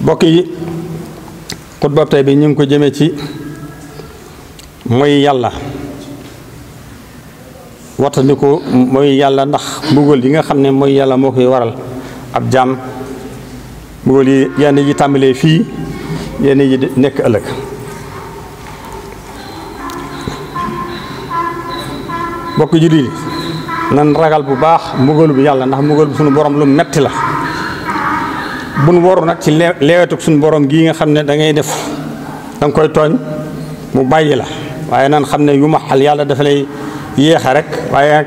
bokk yi xutbab bi ñu ngi ko jëmee ci mooy yàlla wattandiku mooy yàlla ndax mbugal yi nga xam ne mooy yàlla moo koy waral ab jaam mbugal yi yenn yi tàmbalee fii yenn yi nekk ëllëg bokk jullit nan ragal bu baax mbugalu bi yàlla ndax mbugal bu sunu borom lu metti la bu nu waru nag ci leewetuk suñu boroom gii nga xam ne dangay def danga koy tooñ mu bàyyi la waaye naan xam ne yu ma xal yàlla dafa lay yéexa rek waaye nag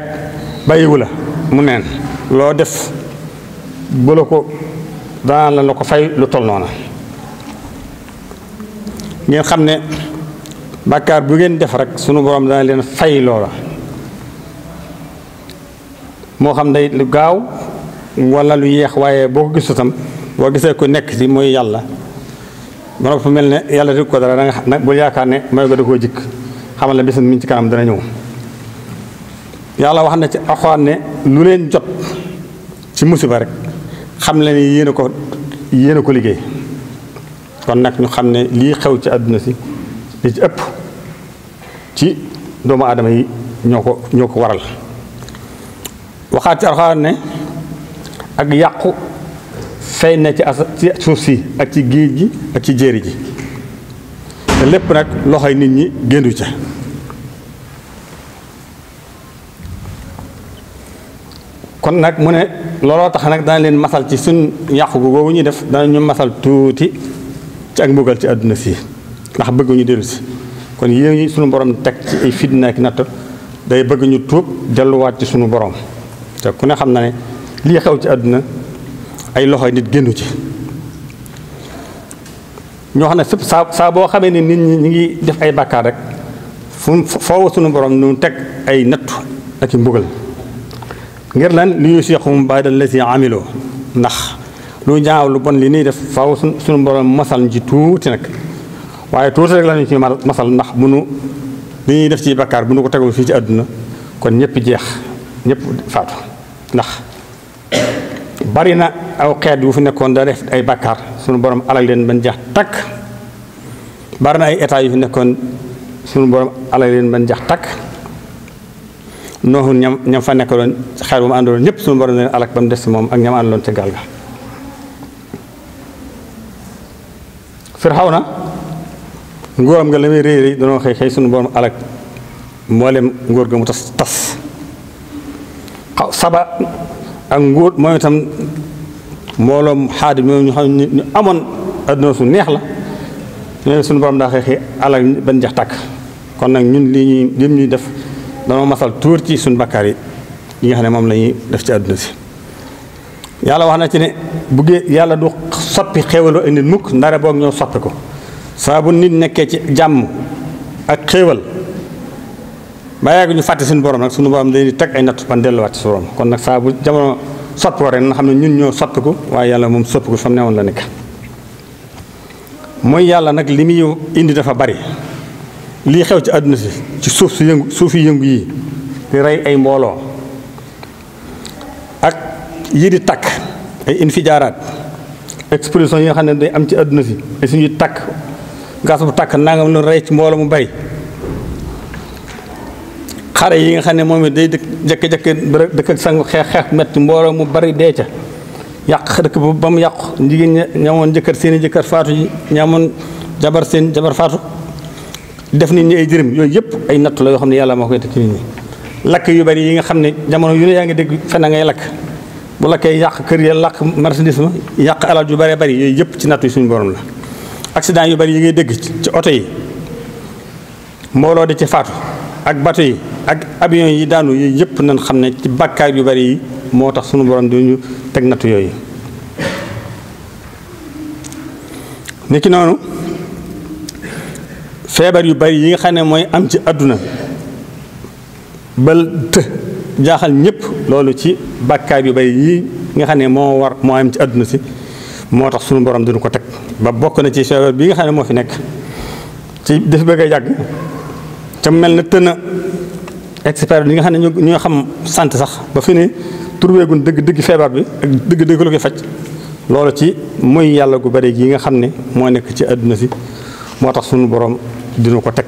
bàyyiwu la mu neen loo def bu la ko danaa la na ko fay lu tol noona ngeen xam ne bàkkaar bu ngeen def rek sunu borom dana leen fay loola moo xam day lu gaaw wala lu yéex waaye boo ko gisu boo gisee ku nekk ci mooy yàlla mano fu mel ne yàlla dik ko dara da nga bul yaakaar ne mooy ko da koo jikk xamal la bis mi ci kanam dana ñëw yàlla wax na ci axwaan ne lu leen jot ci musiba rek xam leen ni yéen ko yéen ko liggéey kon nag ñu xam ne lii xew ci àdduna si li ci ëpp ci doomu aadama yi ñoo ko ñoo ko waral waxaat ci axwaan ne ak yàqu feeñ na ci as ci suuf si ak ci géej gi ak ci jéeri ji te lépp nag loxoy nit ñi génnu ca kon nag mu ne looloo tax nag dana leen masal ci suñ yàqu googu ñu def dana ñu masal tuuti ci ak mbugal ci àdduna si ndax bëgg dellu si kon yéen ñi suñu borom teg ci ay fitna ak natt day bëgguñu ñu tuub delluwaat ci suñu borom te ku ne xam na ne lii xew ci àdduna ay loxo nit génnu ci ñoo xam ne fépp saa saa boo xamee ne nit ñi ñu ngi def ay bàkkaar rek fu foowa sunu borom nu teg ay nattu ak ci mbugal ngir lan li ñuy seexum bàyyi dal la si amiloo ndax lu ñaaw lu bon li nii def faaw su suñu borom masal ñu ci tuuti nag waaye tuuti rek la ñu ci masal ndax bu nu li ñuy def ci bakkaar bu nu ko tegul fii ci àdduna kon ñëpp jeex ñëpp faatu ndax bari na aw xeet yu fi nekkoon da def ay bàkkaar suñu borom alal leen ban jax takk bari na ay état yu fi nekkoon suñu borom alal leen ban jax takk nooxu ñam ñam fa nekkaloon xeet bu mu àndaloon ñëpp sunu borom leen alak ba mu des moom ak ñam àndaloon ca gaal ga firxaw na nguuram nga la muy réy réy danoo xëy xëy sunu borom alak mboolem nguur ga mu tas tas ak ngóot moom itam mbooloom xaadi moom ñu xam ñu amoon adduna su neex la leen suñu borom daa xeexi alal ban jax takk kon nag ñun lii ñuy lim ñuy def dama masal tuur ci suñu bakkaar yi yi xam ne moom lañuy def ci àdduna si yàlla wax na ci ne buggee yàlla du soppi xéewal indi nit mukk ndare boog ñoo soppi ko saa bu nit nekkee ci jàmm ak xéewal ba yàgg ñu fàtte suñu borom nag suñu borom day teg ay natt ban delluwaat ci borom kon nag saa bu jamono soppoo rek na xam ne ñun ñoo soppiku waaye yàlla moom soppiku fa mu newoon la nekk mooy yàlla nag li muy indi dafa bari lii xew ci àdduna si ci suuf su yëngu suuf yi yëngu yi di rey ay mbooloo ak yii di takk ay infijaaraat explosion yi nga xam ne day am ci àdduna si ay suñuy takk gas bu takk nangam lu rey ci mbooloo mu bari xare yi nga xamne ne day dëkk jëkk dekk ak sang xex xex metti mboro mu bari de ca yak dekk bu bam yak yàqu ñamon ña seen i jëkkër faatu jabar seen jabar faatu def nit ñi ay jërim yoy yep ay natt la yo xamne yalla mako tekk nit ñi lak yu bari yi nga xamne jamono yu ne yaa deg fa na ngay lak bu lakkee yak keur ya lak marchandise ma yak alal yu bari bari yoy yep ci natt yi suñu borom la accident yu bari yi ngay deg ci auto yi mbolo di ci faatu ak bato ak avion yi daanu yooyu yëpp nañ xam ne ci bàkkaar yu bari yi moo tax sunu borom du ñu teg nattu yooyu niki noonu feebar yu bari yi nga xam ne mooy am ci àdduna bal jaaxal ñëpp loolu ci bàkkaar yu bari yi nga xam ne moo war moo am ci àdduna si moo tax sunu borom duñu ko teg ba bokk na ci feebar bi nga xam ne moo fi nekk ci def bëgg a yàgg ca mel na tëna expert yi nga xam ne ñoo xam santé sax ba fi ne turweegun dëgg dëgg feebar bi ak dëgg dëgg lu koy faj loolu ci mooy yàlla gu bari yi nga xam ne moo nekk ci àdduna si moo tax suñu boroom dina ko teg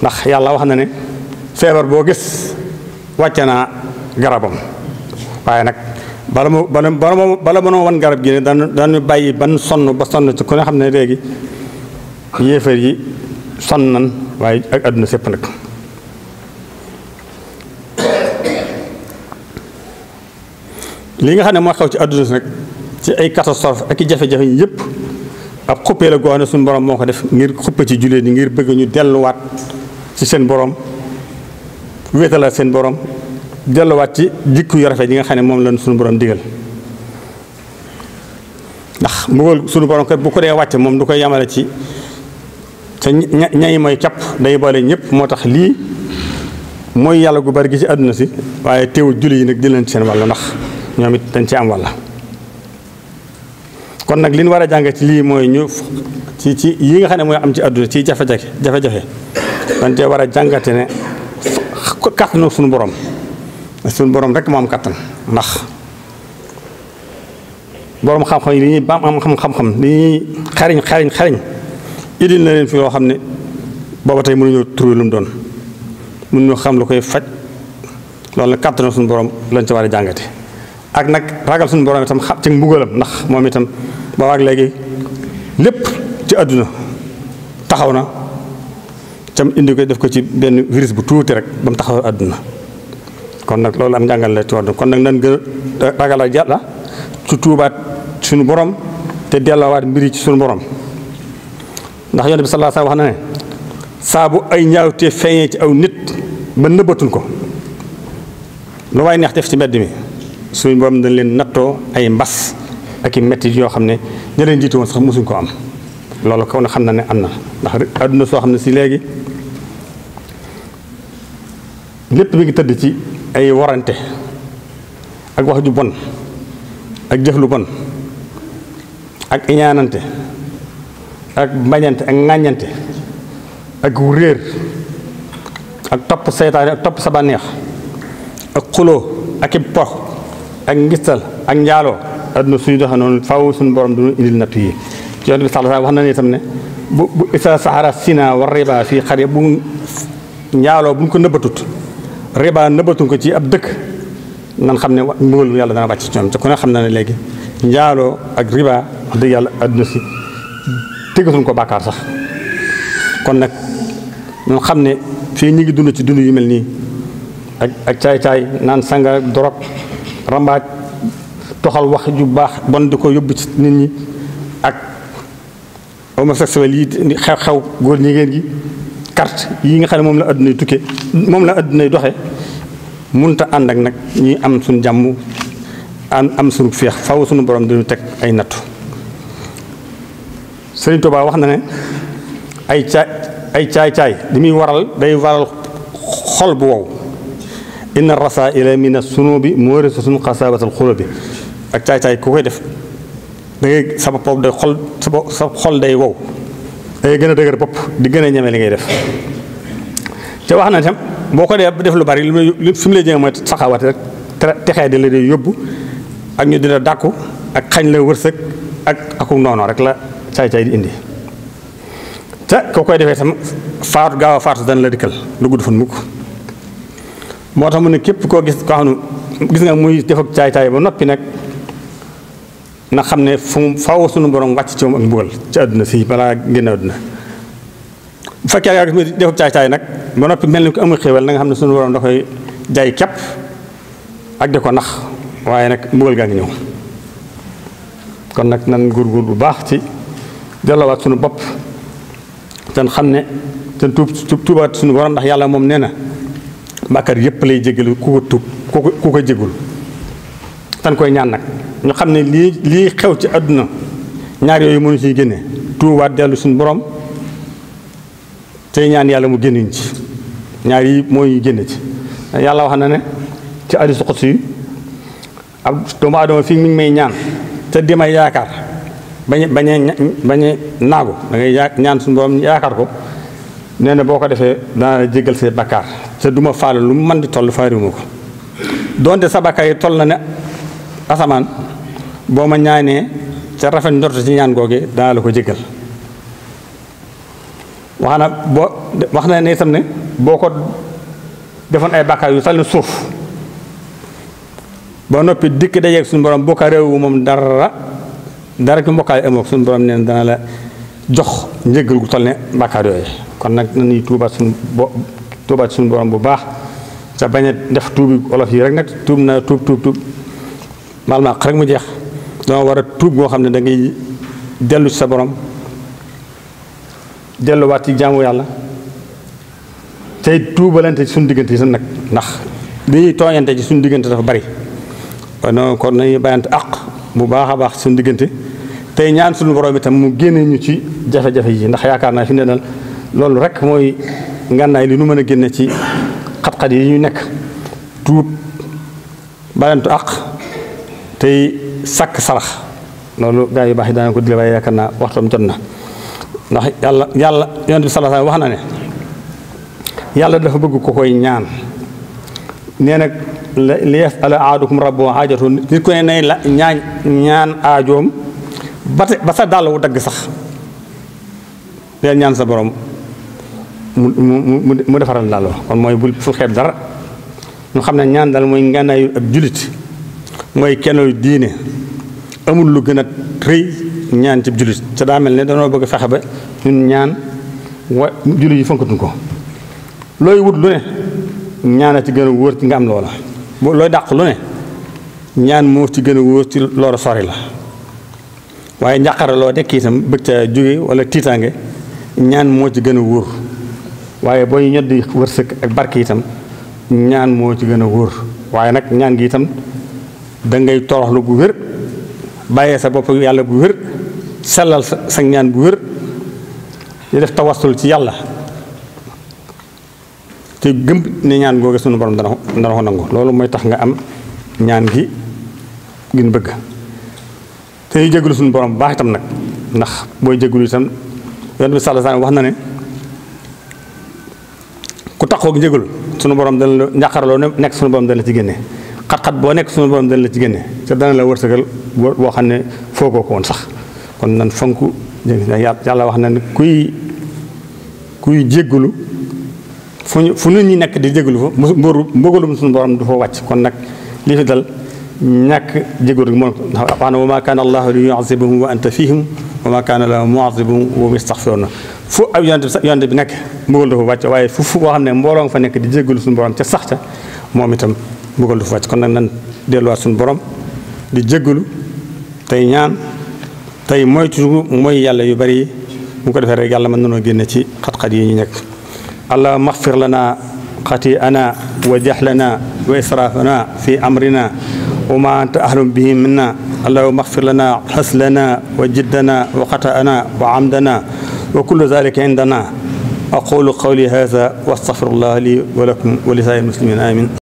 ndax yàlla wax na ne feebar boo gis wàcce naa garabam waaye nag bala mu bala bala bala mënoo wan garab gi ne danu dañu bàyyi ban sonn ba sonn ci ku ne xam ne léegi yéefar yi sonn nan waaye ak àdduna sépp nag li nga xam ne moo xew ci àdduna si nag ci ay catastrophe ak i jafe-jafe yi yëpp ab xuppee la goo xam ne suñu borom moo ko def ngir xuppe ci jullit yi ngir bëgg ñu delluwaat ci seen borom wéetalaat seen borom delluwaat ci jikku yu rafet yi nga xam ne moom lan suñu borom digal ndax mbugal suñu borom kat bu ko dee wàcce moom du koy yamale ci te ñayi mooy capp day boole ñëpp moo tax lii mooy yàlla gu bari gi ci àdduna si waaye teewul jullit yi nag di leen seen wàllu ndax ñoom it dañ ci am walla kon nag li ñu war a jàng lii mooy ñu ci ci yi nga xam ne mooy am ci àdduna ci jafe-jafe jafe dañ cee war a jàngate ne kàttanu suñu borom suñu borom rek moo am ndax borom xam yi li ñuy am xam-xam li xariñ xariñ xariñ idil na leen fi loo xam ne booba tey mënuñoo trouvé lu doon mënuñoo xam lu koy faj loolu nag kàttanu suñu borom lañ ci war a jàngate ak nag ragal suñu borom itam xam ci mbugalam ndax moom itam ba ak léegi lépp ci àdduna taxaw na tam indi ko def ko ci benn virus bu tuuti rek ba mu taxaw àdduna kon nag loolu am njàngal la ci war kon nag nan gën a ragal ak yàlla ci tuubaat suñu borom te delloowaat mbir ci suñu borom ndax yonent bi sallallahu sa wasallam wax na ne saa ay ñaawte feeñee ci aw nit ba nëbbatuñ ko lu waaye neex def ci mbedd mi suñu borom dañ leen nattoo ay mbas ak i métti yoo xam ne ña leen jiitu woon sax mosuñ ko am loolu kaw na xam na ne am na ndax àdduna soo xam ne si léegi lépp mi ngi tëdd ci ay warante ak wax ju bon ak jëf bon ak iñaanante ak mbañante ak ŋàññante ak réer ak topp seytaane ak topp sa bànneex ak xuloo ak i pox ak ngistal ak njaaloo adduna suñu doxee noonu faaw suñu borom du ñu indil nattu yi ci wax na ne ne bu bu isa saxara sina war riba fii xar bu njaaloo bu ñu ko nëbbatut riba nëbbatuñ ko ci ab dëkk nan xam ne mbugalu yàlla dana wàcc ci ñoom te ku xam na ne léegi njaaloo ak riba wax dëgg yàlla adduna si tëggatuñ ko bàkkaar sax kon nag ñu xam ne fii ñu ngi dund ci dund yu mel nii ak caay-caay naan sanga dorog rambaaj toxal wax ju baax bon di ko yóbbu ci nit ñi ak homosexuel yi xew xew góor jigéen gi carte yi nga xam ne moom la addunay tukkee moom la addunay doxee munta ànd ak nag ñi am suñu jàmm am am suñu feex faw suñu borom dañu teg ay nattu Sëriñ Tuubaa wax na ne ay caay ay caay-caay li muy waral day waral xol bu wow inna rasaila mina sunubi moorisatun xasaabatal xulubi ak caay-caay ku koy def da ngay sa bopp day xol sa xol day wow day gën a dëgër bopp di gën a ñeme li ngay def te wax na tam boo ko dee def lu bari li fi mu lay jëme mooy rek texee di la yóbbu ak ñu di la ak xañ la wërsëg ak aku noono rek la caay-caay indi te koo koy defee tam faatu gaaw a faatu dana la dikkal lu gudd fan mukk moo tax mu ne képp koo gis koo xam ne gis nga muy def ak caay-caay ba noppi nag na xam ne fu faw faaw sunu borom wàcc ci moom ak mbugal ci àdduna si balaa génn àdduna bu fekkee yaa ngi def ak caay nag ba noppi mel ni ko amul xéewal na nga ne sunu borom da koy jaay kepp ak di ko nax waaye nag mbugal gaa ngi ñëw kon nag nan góorgóor bu baax ci delloowaat sunu bopp ten xam ne te tuub tuubaat sunu borom ndax yàlla moom nee na. bàkkaar yépp lay jégalu ku ko tuub ku ko ku ko jégul tan koy ñaan nag ñu xam ne lii lii xew ci àdduna ñaar yooyu mënu ciy génne tuubaat dellu suñu boroom tey ñaan yàlla mu génnuñ ci ñaar yi mooy génne ci yàlla wax na ne ci hadiisu qudsi yi ab doomu aadama fii mi ngi may ñaan te di may yaakaar bañ bañee bañee naagu dangay ngay ñaan suñu borom yaakaar ko nee na boo ko defee daa la jéggal say bakkaar te du ma faale lu mu mën di toll faariwuma ko sa sabaka yi toll na ne asamaan boo ma ñaanee ca rafet njort ci ñaan googe danaa la ko jéggal wax na boo wax na ne ne boo ko defoon ay bàkkaar yu tali suuf ba noppi dikk dajeeg suñu borom boo ko moom dara dara ki mbokkaale amook suñu borom neen dana la jox njëggal gu toll ne bàkkaar yooyu kon nag nañuy tuubaat suñu tuubaat suñu borom bu baax te bañ a def tuubi olof yi rek nag tuub naa tuub tuub tuub maal maq rek mu jeex dama war a tuub goo xam ne dangay dellu ci sa borom delluwaat ci jaamu yàlla tey tuubalante ci suñu diggante sa nag ndax li ñuy tooñante ci suñu diggante dafa bari non kon nañuy bàyyante àq bu baax a baax suñu diggante tey ñaan suñu borom itam mu génne ñu ci jafe-jafe yi ndax yaakaar naa fi ne loolu rek mooy ngànnaay li nu mën a génne ci xat-xat yi ñu nekk tuub balantu àq tey sàkk sarax loolu gaa yu baax yi daana ko dile waaye yaakaar naa waxtoom jot na ndax yàlla yàlla yonent bi wax na ne yàlla dafa bëgg ko koy ñaan nee nag li yas'ala ahadukum rabbahu nit ku nay la ñaan ñaan aajoom ba ba sa dàll wu dagg sax leen ñaan sa borom mu mu mu defaral la kon mooy bul fu xeeb dara ñu xam ne ñaan dal mooy ngànnaayu ab julit mooy kenoy diine amul lu gën a rëy ñaan ci julit te daa mel ne danoo bëgg fexe ba ñun ñaan wa julit yi fonkatuñ ko looy wut lu ne ñaana ci gën a wóor ci nga am loola boo looy dàq lu ne ñaan moo ci gën a wóor ci loola sori la waaye njàqare loo dekk itam bëgg ca jóge wala tiitaange ñaan moo ci gën a wóor waaye boo ñu ñoddi wërsëg ak barke itam ñaan moo ci gën a wóor waaye nag ñaan gi itam da ngay toroxlu bu wér bàyyee sa bopp yàlla bu wér sellal sa sa ñaan bu wér di def tawassul ci yàlla te gëm ne ñaan googe sunu borom dana dana ko nangu loolu mooy tax nga am ñaan gi gën bëgg te ñu jégalu suñu borom baax itam nag ndax booy jégalu itam yoon bi sàlla wax na ne ku taxoo ak njëgul sunu borom dana la njàqarloo nekk sunu borom dana la ci génne xat-xat boo nekk sunu borom dana la ci génne te dana la wërsëgal boo xam ne foogoo ko woon sax kon nan fonk yàlla wax na ne kuy kuy jéggulu fu ñu fu nit ñi nekk di jéggulu fa mbëru mbëgalum sunu borom du fa wàcc kon nag li fi dal ñàkk jégalu moom wax na wa ma kaana allahu li yuazibahum wa anta fihim wa ma kaana la muazibahum wa mustaxfiruuna fu ab yonte bi yonte bi nekk mbugal dafa wàcc waaye fu fu boo xam ne mbooloo nga fa nekk di jéggalu suñu borom ca sax ca moom itam mbugal dafa wàcc kon nag nan delluwaat suñu borom di jéggalu tey ñaan tey moytu mooy yàlla yu bari yi ko defee rek yàlla mën nanoo génne ci xat yi ñu nekk allah maxfir lana xati'ana wa jahlana wa israfana fi amrina wa ma anta ahlum bihi minna allahumma maxfir lana xaslana wa jiddana wa xata'ana wa amdana وكل ذلك عندنا أقول قولي هذا وأستغفر الله لي ولكم ولسائر المسلمين آمين